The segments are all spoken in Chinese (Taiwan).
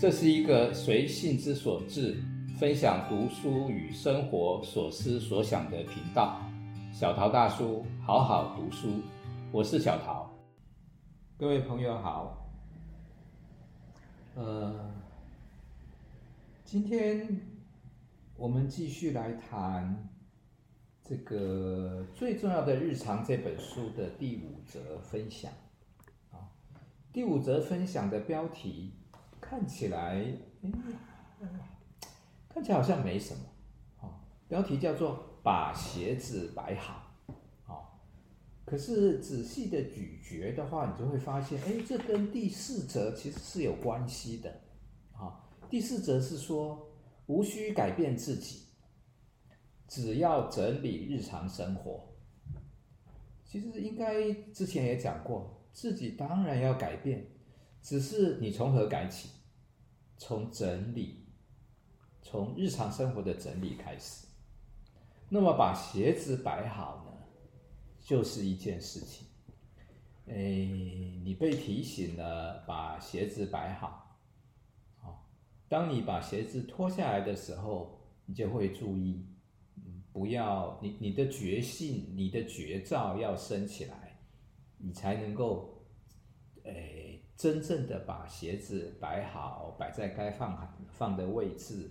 這是一個隨性之所至，分享讀書與生活所思所想的頻道。小桃大叔，好好讀書，我是小桃。各位朋友好，呃，今天我們繼續來談這個最重要的日常這本書的第五則分享。哦，第五則分享的標題。看起來、欸，看起來好像沒什麼。好、哦，標題叫做“把鞋子擺好”，好、哦，可是仔細的咀嚼的話，你就會發現，哎、欸，這跟第四則其實是有關係的。啊、哦，第四則是說，無需改變自己，只要整理日常生活。其實應該之前也講過，自己當然要改變，只是你從何改起？從整理，從日常生活的整理開始。那麼，把鞋子擺好呢，就是一件事情。哎，你被提醒了，把鞋子擺好。好、哦，當你把鞋子脫下來的時候，你就會注意，嗯、不要你你的覺性，你的覺照要升起來，你才能夠，哎。真正的把鞋子擺好，擺在該放放的位置。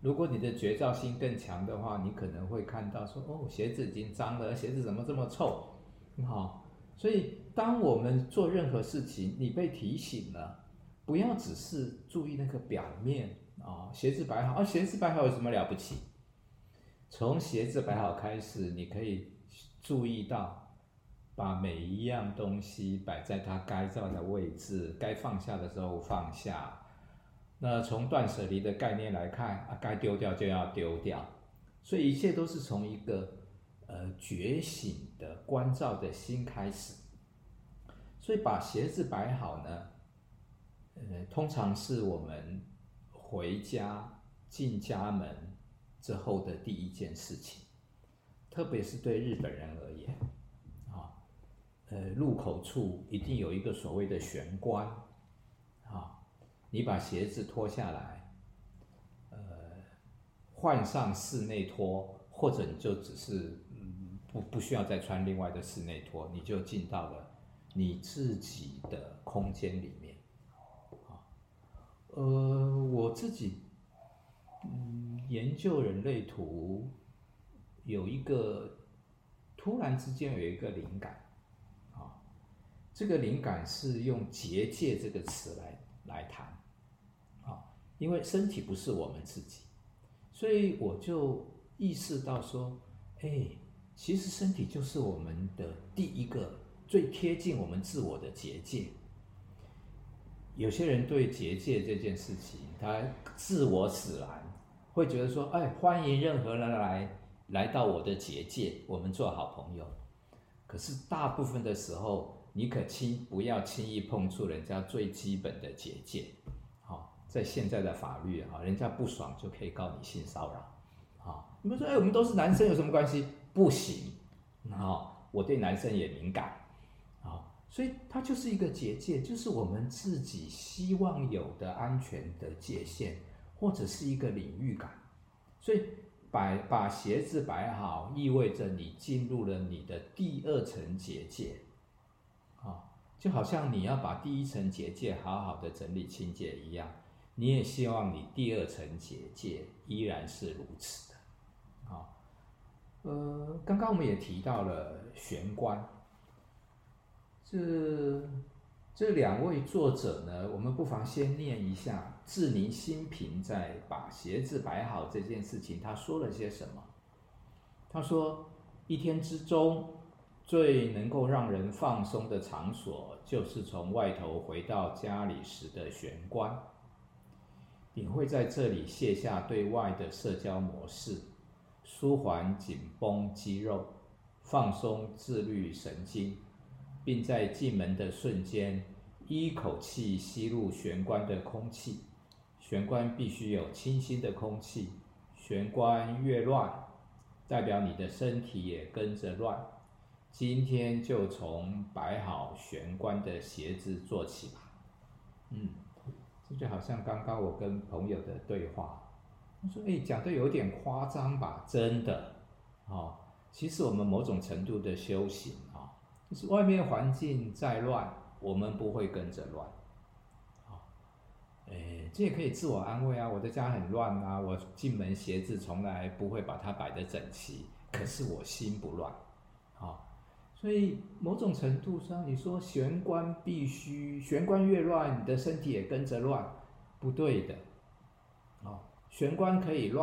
如果你的覺照性更強的話，你可能會看到說：“哦，鞋子已經髒了，鞋子怎麼這麼臭？”好、哦，所以當我們做任何事情，你被提醒了，不要只是注意那個表面哦，鞋子擺好、啊、鞋子擺好有什麼了不起？從鞋子擺好開始，你可以注意到。把每一樣東西擺在它該在的位置，該放下的時候放下。那從斷捨離的概念來看，啊，該丟掉就要丟掉，所以一切都是從一個呃覺醒的觀照的心開始。所以把鞋子擺好呢，呃，通常是我們回家進家門之後的第一件事情，特別是對日本人而言。呃，入口處一定有一個所謂的玄關，啊，你把鞋子脫下來，呃，換上室內拖，或者你就只是，嗯、不不，需要再穿另外的室內拖，你就進到了你自己的空間裡面，啊，呃，我自己，嗯，研究人類圖有一個，突然之間有一個靈感。這個靈感是用結界這個詞來來談，哦，因為身體不是我們自己，所以我就意識到說，哎，其實身體就是我們的第一個最貼近我們自我的結界。有些人對結界這件事情，他自我使然，會覺得說，哎，歡迎任何人來來到我的結界，我們做好朋友。可是大部分的時候，你可輕不要輕易碰觸人家最基本的結界，好，在現在的法律啊，人家不爽就可以告你性騷擾，好，你們說，哎、欸，我們都是男生有什麼關係？不行，啊，我對男生也敏感，所以它就是一個結界，就是我們自己希望有的安全的界限，或者是一個領域感。所以擺把鞋子擺好，意味着你進入了你的第二層結界。就好像你要把第一層結界好好的整理清潔一樣，你也希望你第二層結界依然是如此的。好、哦，呃，剛剛我們也提到了玄關，這這兩位作者呢，我們不妨先念一下志寧新平在把鞋子擺好這件事情，他說了些什麼？他說一天之中。最能夠讓人放鬆的場所，就是從外頭回到家裡時的玄關。你會在這裡卸下對外的社交模式，舒緩緊繃肌肉，放鬆自律神經，並在進門的瞬間一口氣吸入玄關的空氣。玄關必須有清新的空氣，玄關越亂，代表你的身體也跟着亂。今天就從擺好玄關的鞋子做起吧。嗯，這就好像剛剛我跟朋友的對話，他說：“哎、欸，講得有點誇張吧？真的，哦，其實我們某種程度的修行啊、哦，就是外面環境再亂，我們不會跟着亂。哦，哎，這也可以自我安慰啊，我的家很亂啊，我進門鞋子從來不會把它擺得整齊，可是我心不亂。”所以某種程度上，你說玄關必須玄關越亂，你的身體也跟着亂，不對的，啊，玄關可以亂，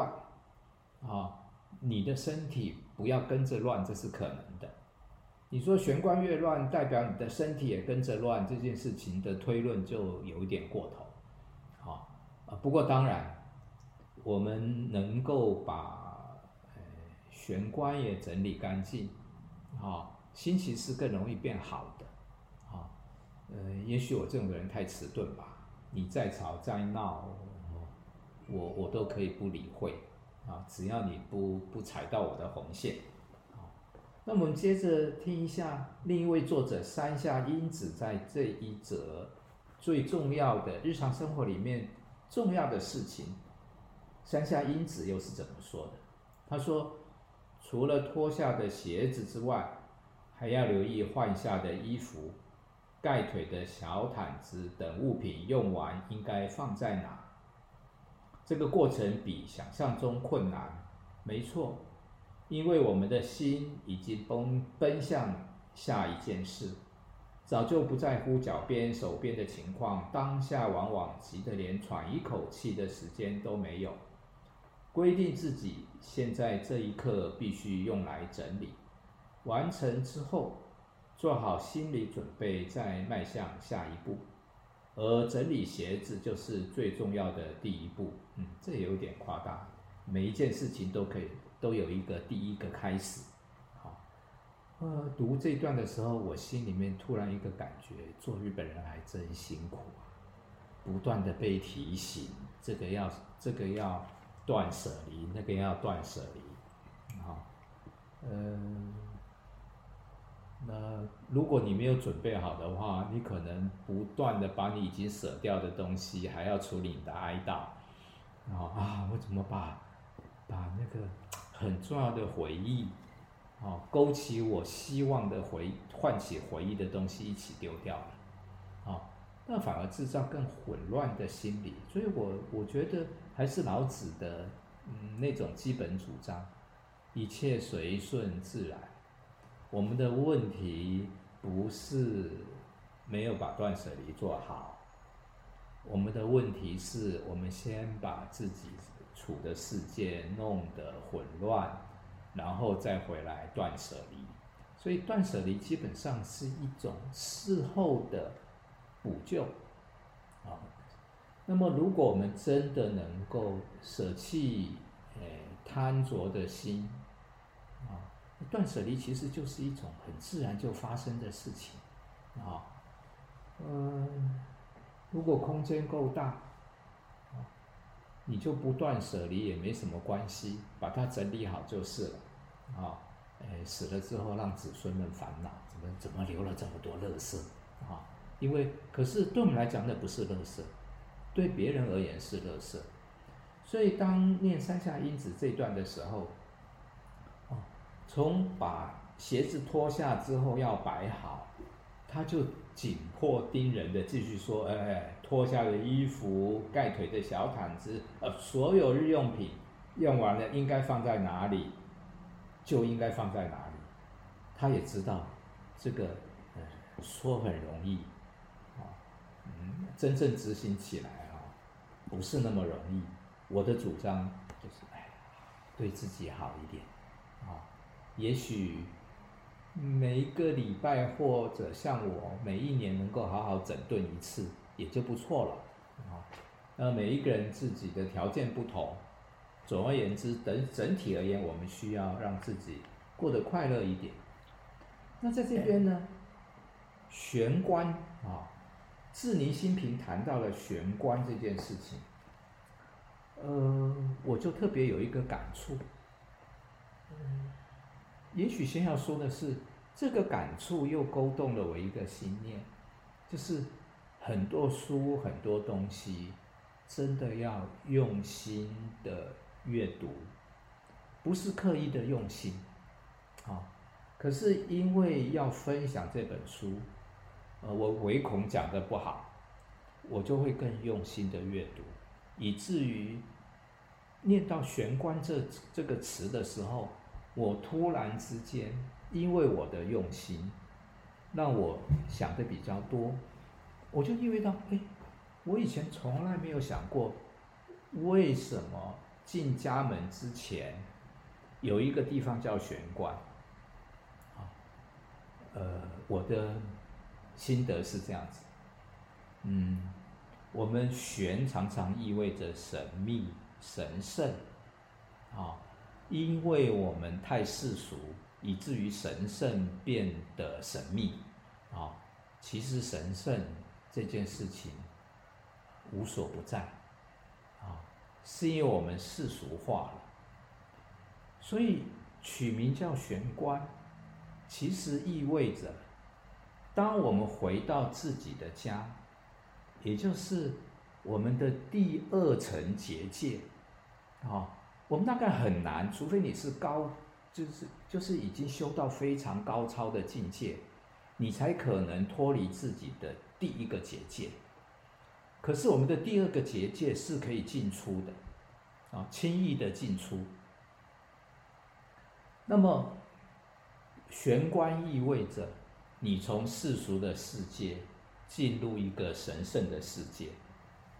啊，你的身體不要跟着亂，這是可能的。你說玄關越亂，代表你的身體也跟着亂，這件事情的推論就有一點過頭，好，啊，不過當然，我們能夠把，玄關也整理乾淨，啊。心情是更容易變好的，啊，呃，也許我這種人太遲鈍吧。你再吵再鬧，我我都可以不理會，啊，只要你不不踩到我的紅線，啊，那麼我們接着聽一下另一位作者山下英子在這一則最重要的日常生活裡面重要的事情，山下英子又是怎麼說的？她說，除了脫下的鞋子之外。還要留意換下的衣服、蓋腿的小毯子等物品用完應該放在哪？這個過程比想象中困難。沒錯，因為我們的心已經奔奔向下一件事，早就不在乎腳邊、手邊的情況，當下往往急得連喘一口氣的時間都沒有。規定自己現在這一刻必須用來整理。完成之後，做好心理準備，再邁向下一步。而整理鞋子就是最重要的第一步。嗯，這也有點誇大。每一件事情都可以都有一個第一個開始。好，呃，讀這段的時候，我心裡面突然一個感覺：做日本人還真辛苦，不斷地被提醒，這個要這個要斷捨離，那個要斷捨離。好，嗯、呃。那如果你沒有準備好的話，你可能不斷的把你已經舍掉的東西，還要處理你的哀悼。哦啊，我怎麼把把那個很重要的回憶，啊，哦，勾起我希望的回憶，喚起回憶的東西一起丟掉了？哦，那反而制造更混亂的心理。所以我我覺得還是老子的嗯那種基本主張，一切隨順自然。我們的問題不是沒有把斷捨離做好，我們的問題是我們先把自己處的世界弄得混亂，然後再回來斷捨離。所以斷捨離基本上是一種事後的補救。啊，那麼如果我們真的能夠舍棄誒貪着的心。斷舍離其實就是一種很自然就發生的事情，啊，嗯，如果空間夠大，你就不斷舍離也沒什麼關係，把它整理好就是了，啊、哎，死了之後讓子孫們煩惱，怎麼怎麼留了這麼多垃圾，啊、哦，因為可是對我們來講那不是垃圾，對別人而言是垃圾，所以當念三下因子這一段的時候。從把鞋子脫下之後要擺好，他就緊迫盯人的繼續說：“哎，脫下的衣服、蓋腿的小毯子，呃，所有日用品用完了應該放在哪裡，就應該放在哪裡。”他也知道這個、呃、說很容易，啊、哦，嗯，真正執行起來啊、哦，不是那麼容易。我的主張就是，哎，對自己好一點。也許每一個禮拜，或者像我每一年能夠好好整頓一次，也就不錯了啊。那每一個人自己的條件不同，總而言之，整整體而言，我們需要讓自己過得快樂一點。那在這邊呢、欸，玄關啊、哦，智尼新平談到了玄關這件事情，呃，我就特別有一個感觸，嗯。也許先要說的是，這個感觸又勾動了我一個心念，就是很多書、很多東西，真的要用心的閱讀，不是刻意的用心。啊、哦，可是因為要分享這本書，呃，我唯恐講得不好，我就會更用心的閱讀，以至於念到“玄關”這這個詞的時候。我突然之間，因為我的用心，讓我想的比較多，我就意味到，哎，我以前從來沒有想過，為什麼進家門之前，有一個地方叫玄關，啊，呃，我的心得是這樣子，嗯，我們玄常常意味着神秘、神聖，啊、哦。因為我們太世俗，以至於神聖變得神秘。啊、哦，其實神聖這件事情無所不在，啊、哦，是因為我們世俗化了。所以取名叫玄關，其實意味着，當我們回到自己的家，也就是我們的第二層結界，啊、哦。我們大概很難，除非你是高，就是就是已經修到非常高超的境界，你才可能脫離自己的第一個結界。可是我們的第二個結界是可以進出的，啊，輕易的進出。那麼，玄關意味着你從世俗的世界進入一個神聖的世界。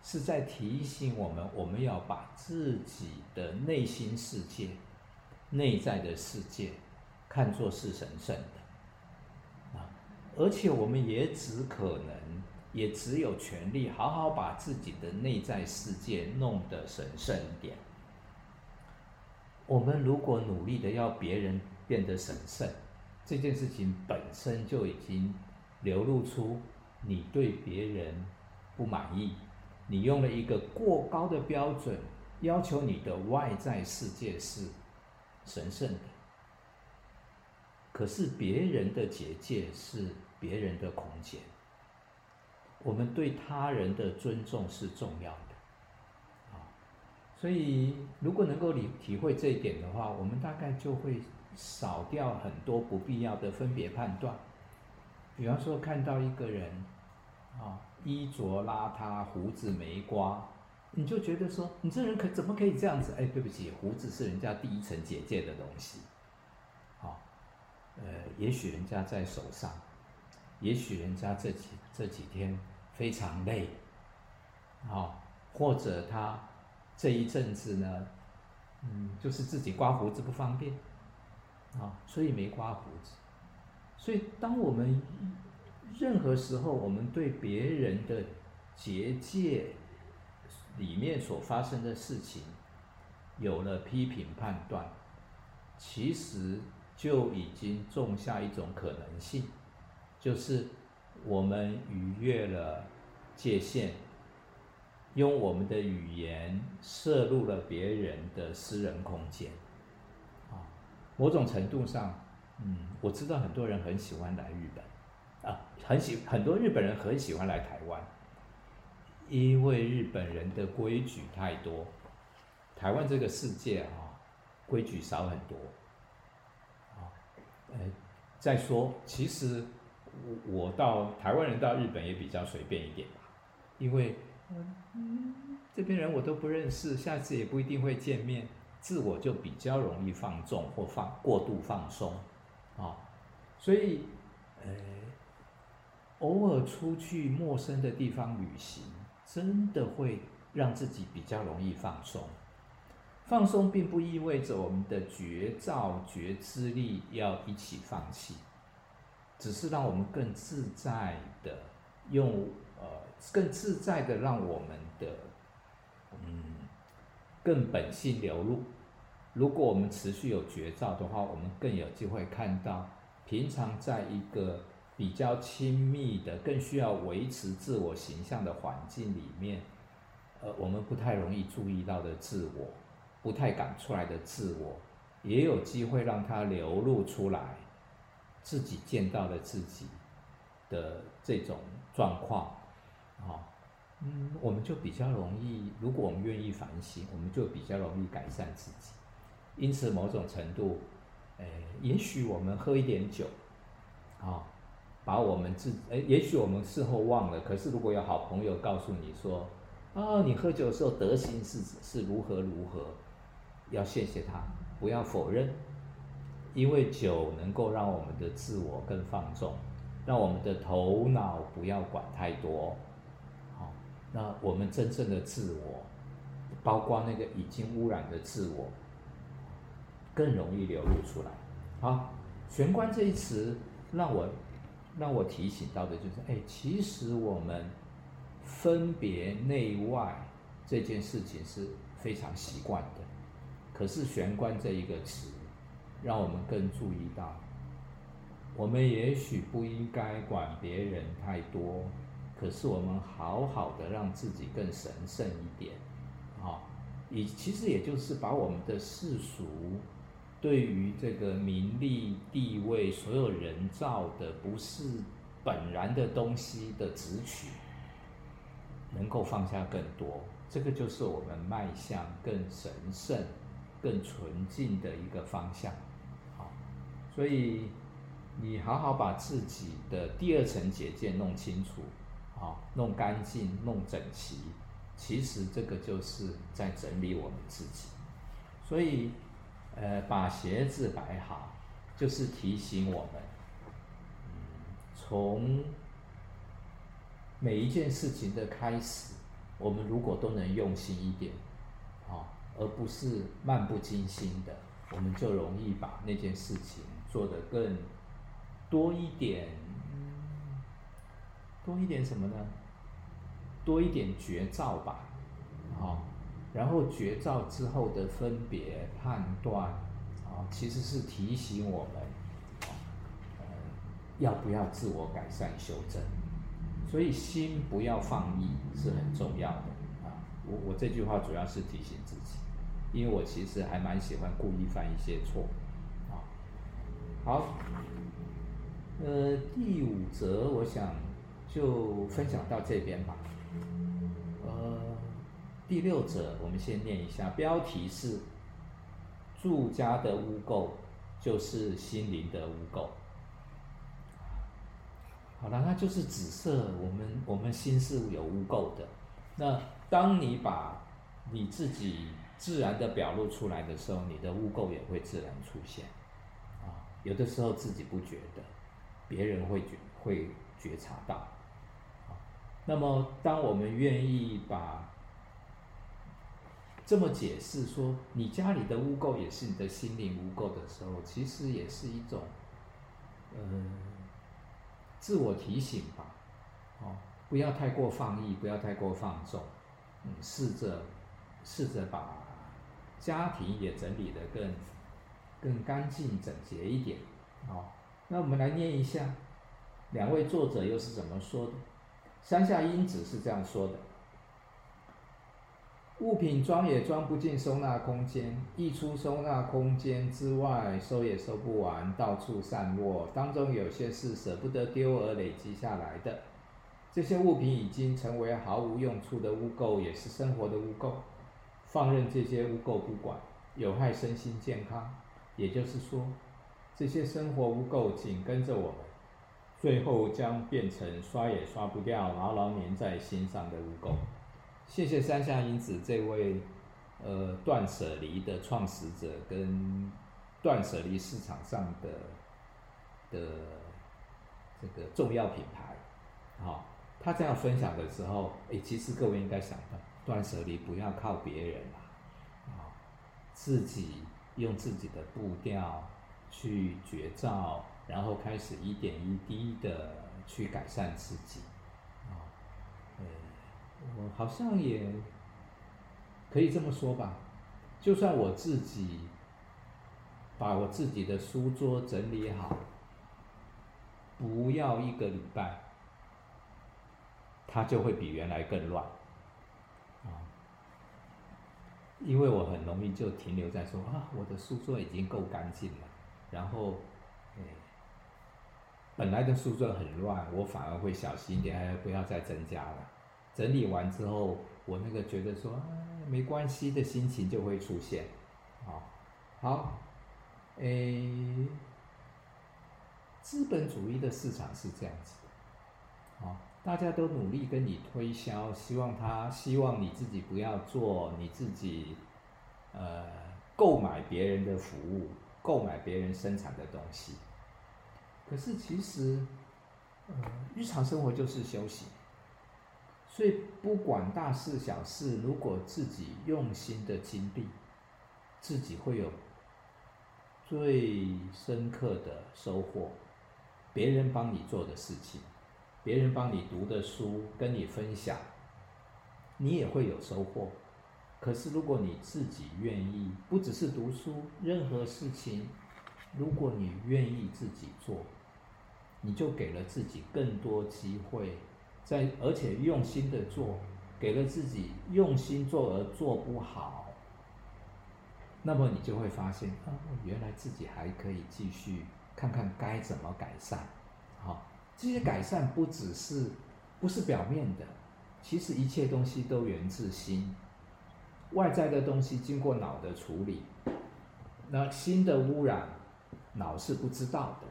是在提醒我們，我們要把自己的內心世界、內在的世界，看作是神聖的。啊，而且我們也只可能，也只有權利好好把自己的內在世界弄得神聖一點。我們如果努力的要別人變得神聖，這件事情本身就已經流露出你對別人不滿意。你用了一個過高的標準，要求你的外在世界是神聖的，可是別人的結界是別人的空間。我們對他人的尊重是重要的，啊，所以如果能夠理體會這一點的話，我們大概就會少掉很多不必要的分別判斷。比方說，看到一個人，啊。衣着邋遢，鬍子沒刮，你就覺得說，你這人可怎麼可以這樣子？哎，對不起，鬍子是人家第一層結界的東西，好、哦，呃，也許人家在手上，也許人家這幾這幾天非常累，好、哦，或者他這一陣子呢，嗯，就是自己刮鬍子不方便，啊、哦，所以沒刮鬍子，所以當我們。任何時候，我們對別人的結界裡面所發生的事情有了批評判斷，其實就已經種下一種可能性，就是我們逾越了界限，用我們的語言涉入了別人的私人空間。啊，某種程度上，嗯，我知道很多人很喜歡來日本。很喜，很多日本人很喜歡來台灣，因為日本人的規矩太多，台灣這個世界啊規矩少很多，啊、嗯，再說其實我到台灣人到日本也比較隨便一點，因為、嗯、這邊人我都不認識，下次也不一定會見面，自我就比較容易放縱或放過度放鬆，啊、嗯，所以、嗯偶爾出去陌生的地方旅行，真的會讓自己比較容易放鬆。放鬆並不意味着我們的覺照、覺知力要一起放棄，只是讓我們更自在的用呃，更自在的讓我們的嗯更本性流露。如果我們持續有覺照的話，我們更有機會看到平常在一個。比較親密的、更需要維持自我形象的環境裡面，呃，我們不太容易注意到的自我，不太敢出來的自我，也有機會讓它流露出來，自己見到了自己的這種狀況，啊、哦，嗯，我們就比較容易，如果我們願意反省，我們就比較容易改善自己。因此，某種程度，呃，也許我們喝一點酒，啊、哦。把我們自，誒、欸，也許我們事後忘了。可是如果有好朋友告訴你說，啊、哦，你喝酒的時候德行是是如何如何，要謝謝他，不要否認，因為酒能夠讓我們的自我更放縱，讓我們的頭腦不要管太多，好，那我們真正的自我，包括那個已經污染的自我，更容易流露出來。好，玄關這一詞讓我。那我提醒到的就是，哎，其實我們分別內外這件事情是非常習慣的，可是“玄關”這一個詞，讓我們更注意到，我們也許不應該管別人太多，可是我們好好的讓自己更神聖一點，啊、哦，也其實也就是把我們的世俗。對於這個名利地位，所有人造的不是本然的東西的執取，能夠放下更多，這個就是我們邁向更神聖、更純淨的一個方向。好，所以你好好把自己的第二層結界弄清楚，好，弄乾淨、弄整齊，其實這個就是在整理我們自己，所以。呃，把鞋子擺好，就是提醒我們、嗯，從每一件事情的開始，我們如果都能用心一點，啊、哦，而不是漫不經心的，我們就容易把那件事情做得更多一點，嗯，多一點什麼呢？多一點覺照吧，哦然後覺照之後的分別判斷，啊，其實是提醒我們，啊呃、要不要自我改善修正。所以心不要放逸是很重要的啊。我我這句話主要是提醒自己，因為我其實還蠻喜歡故意犯一些錯，啊，好，呃，第五則我想就分享到這邊吧。第六者，我們先念一下，標題是“住家的污垢，就是心靈的污垢”。好了，那就是紫色。我們我們心是有污垢的。那當你把你自己自然的表露出來的時候，你的污垢也會自然出現。啊、哦，有的時候自己不覺得，別人會覺會覺察到。啊、哦，那麼當我們願意把這麼解釋說，你家裡的污垢也是你的心靈污垢的時候，其實也是一種，嗯、呃，自我提醒吧，哦，不要太過放逸，不要太過放縱，嗯，試着，試着把家庭也整理得更、更乾淨整潔一點，哦，那我們來念一下，兩位作者又是怎麼說的？山下英子是這樣說的。物品裝也裝不進收納空間，溢出收納空間之外，收也收不完，到處散落。當中有些是捨不得丟而累積下來的，這些物品已經成為毫無用處的污垢，也是生活的污垢。放任這些污垢不管，有害身心健康。也就是說，這些生活污垢緊跟着我們，最後將變成刷也刷不掉、牢牢粘在心上的污垢。謝謝山下英子這位，呃，斷捨離的創始者跟斷捨離市場上的的這個重要品牌，好、哦，他這樣分享的時候，哎，其實各位應該想到，斷捨離不要靠別人啊、哦，自己用自己的步調去覺照，然後開始一點一滴的去改善自己。我好像也，可以這麼說吧。就算我自己把我自己的書桌整理好，不要一個禮拜，它就會比原來更亂。啊，因為我很容易就停留在說啊，我的書桌已經夠乾淨了，然後，哎，本來的書桌很亂，我反而會小心一點，哎，不要再增加了。整理完之後，我那個覺得說，唉，沒關係的心情就會出現，啊，好，誒、欸，資本主義的市場是這樣子的，啊，大家都努力跟你推銷，希望他希望你自己不要做你自己，呃，購買別人的服務，購買別人生產的東西，可是其實，呃，日常生活就是休息。所以，不管大事小事，如果自己用心的經歷，自己會有最深刻的收穫。別人幫你做的事情，別人幫你讀的書，跟你分享，你也會有收穫。可是，如果你自己願意，不只是讀書，任何事情，如果你願意自己做，你就給了自己更多機會。在，而且用心的做，給了自己用心做而做不好，那麼你就會發現，哦、啊，原來自己還可以繼續看看該怎麼改善，好、哦，這些改善不只是不是表面的，其實一切東西都源自心，外在的東西經過腦的處理，那心的汙染，腦是不知道的，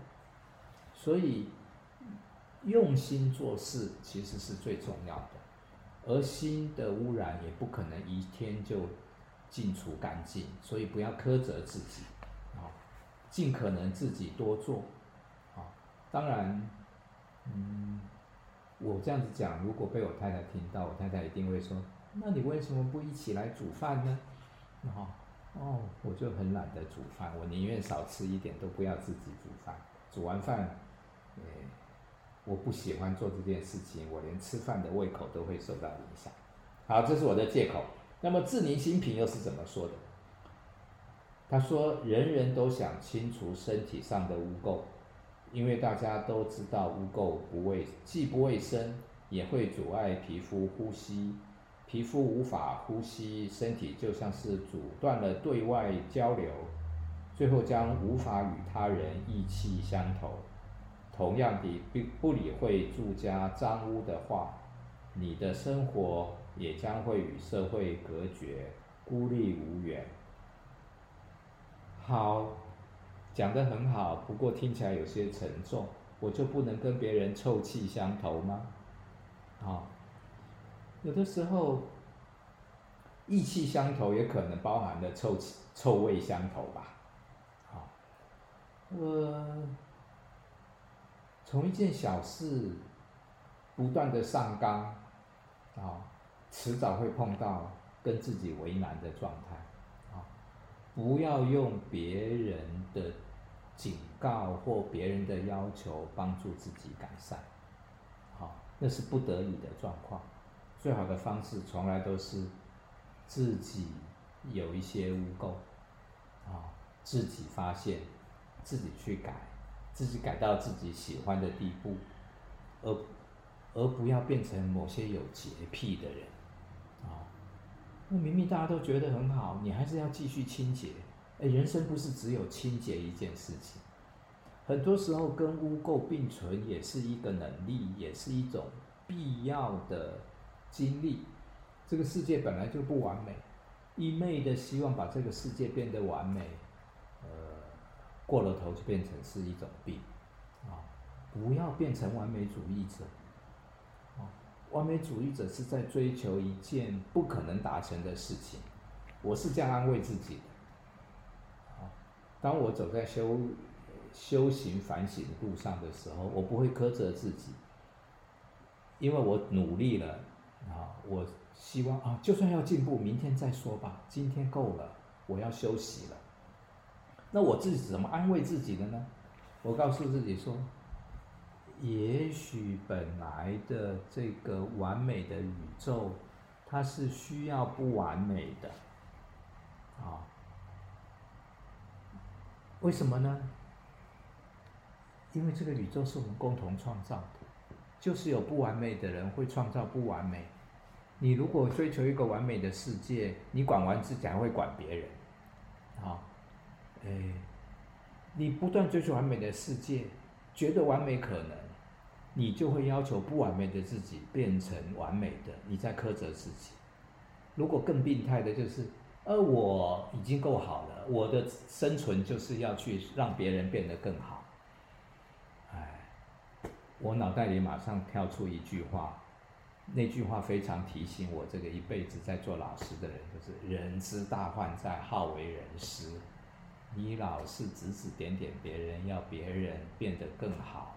所以。用心做事，其實是最重要的。而心的污染也不可能一天就淨除乾淨，所以不要苛責自己，啊、哦，盡可能自己多做，啊、哦，當然，嗯，我這樣子講，如果被我太太聽到，我太太一定會說，那你為什麼不一起來煮飯呢？啊，哦，我就很懶得煮飯，我寧願少吃一點，都不要自己煮飯。煮完飯，呃我不喜歡做這件事情，我連吃飯的胃口都會受到影響。好，這是我的借口。那麼智寧新品又是怎麼說的？他說：“人人都想清除身體上的污垢，因為大家都知道污垢不衛既不衛生，也會阻礙皮膚呼吸。皮膚無法呼吸，身體就像是阻斷了對外交流，最後將無法與他人意氣相投。”同樣的，不理會住家髒污的話，你的生活也將會與社會隔絕，孤立無援。好，講得很好，不過聽起來有些沉重。我就不能跟別人臭氣相投嗎？啊、哦，有的時候，意氣相投也可能包含了臭氣、臭味相投吧。好、哦，呃、嗯。從一件小事不斷的上綱，啊、哦，遲早會碰到跟自己為難的狀態，啊、哦，不要用別人的警告或別人的要求幫助自己改善，啊、哦，那是不得已的狀況。最好的方式從來都是自己有一些污垢，啊、哦，自己發現，自己去改。自己改到自己喜歡的地步，而而不要變成某些有潔癖的人啊、哦！那明明大家都覺得很好，你還是要繼續清潔？哎、欸，人生不是只有清潔一件事情，很多時候跟污垢並存也是一個能力，也是一種必要的經歷。這個世界本來就不完美，一味的希望把這個世界變得完美。過了頭就變成是一種病，啊，不要變成完美主義者，啊，完美主義者是在追求一件不可能達成的事情，我是這樣安慰自己的，啊，當我走在修、呃、修行反省路上的時候，我不會苛責自己，因為我努力了，啊，我希望啊，就算要進步，明天再說吧，今天夠了，我要休息了。那我自己怎麼安慰自己的呢？我告訴自己說，也許本來的這個完美的宇宙，它是需要不完美的，啊、哦，為什麼呢？因為這個宇宙是我們共同創造的，就是有不完美的人會創造不完美。你如果追求一個完美的世界，你管完自己還會管別人，啊、哦。哎，你不斷追求完美的世界，覺得完美可能，你就會要求不完美的自己變成完美的，你在苛責自己。如果更病態的就是，呃，我已經夠好了，我的生存就是要去讓別人變得更好。哎，我腦袋裡馬上跳出一句話，那句話非常提醒我，這個一輩子在做老師的人，就是“人之大患，在好為人師”。你老是指指點點別人，要別人變得更好，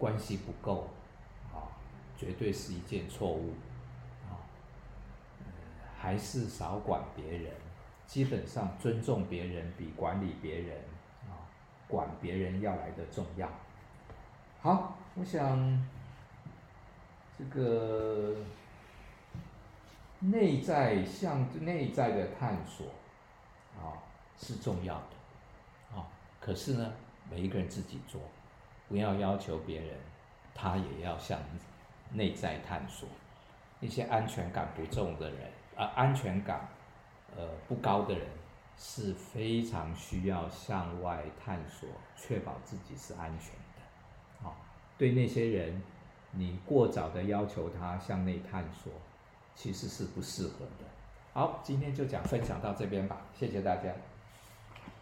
關係不夠，啊、哦，絕對是一件錯誤，啊、哦嗯，還是少管別人，基本上尊重別人比管理別人啊、哦，管別人要來的重要。好，我想這個內在向，內在的探索。啊、哦，是重要的，啊、哦，可是呢，每一個人自己做，不要要求別人，他也要向內在探索。一些安全感不重的人，啊、呃，安全感呃不高的人，是非常需要向外探索，確保自己是安全的。啊、哦，對那些人，你過早的要求他向內探索，其實是不適合的。好，今天就講分享到這邊吧，謝謝大家。